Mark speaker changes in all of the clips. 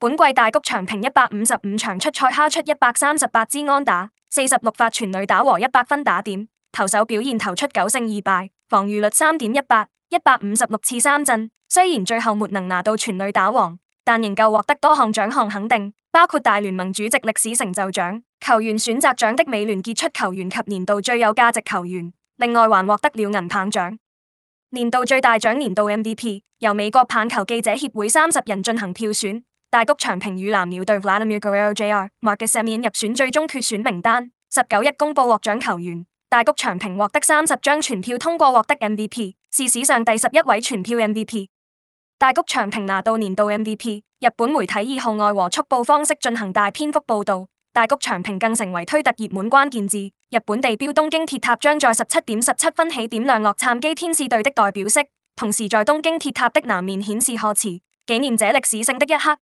Speaker 1: 本季大谷翔平一百五十五場出賽，敲出一百三十八支安打，四十六發全壘打和一百分打點。投手表現投出九勝二敗，防禦率三點一八，一百五十六次三振。雖然最後沒能拿到全壘打王，但仍舊獲得多項獎項肯定，包括大聯盟主席歷史成就獎、球員選擇獎的美聯傑出球員及年度最有價值球員。另外還獲得了銀棒獎、年度最大獎、年度 MVP，由美國棒球記者協會三十人進行票選。大谷翔平與藍鳥隊 Vladimir Guerrero Jr. Marcus Semien 入選最終決選名單，十九日公布獲獎球員。大谷翔平獲得三十張全票通過，獲得 MVP，是史上第十一位全票 MVP。大谷翔平拿到年度 MVP。日本媒體以號外和速報方式進行大篇幅報道，大谷翔平更成為推特熱門關鍵字。日本地標東京鐵塔將在十七點十七分起點亮洛杉磯天使隊的代表色，同時在東京鐵塔的南面顯示賀詞，紀念這歷史性的一刻。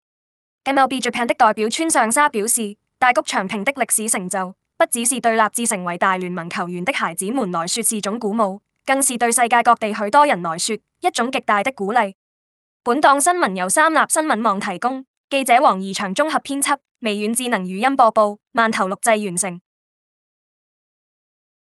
Speaker 1: MLB 最平的代表村上沙表示：大谷翔平的歷史成就，不只是對立志成為大聯盟球員的孩子們來說是種鼓舞，更是對世界各地許多人來說一種極大的鼓勵。本檔新聞由三立新聞網提供，記者王儀翔綜合編輯，微軟智能語音播報，慢頭錄製完成。